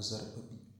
Hazar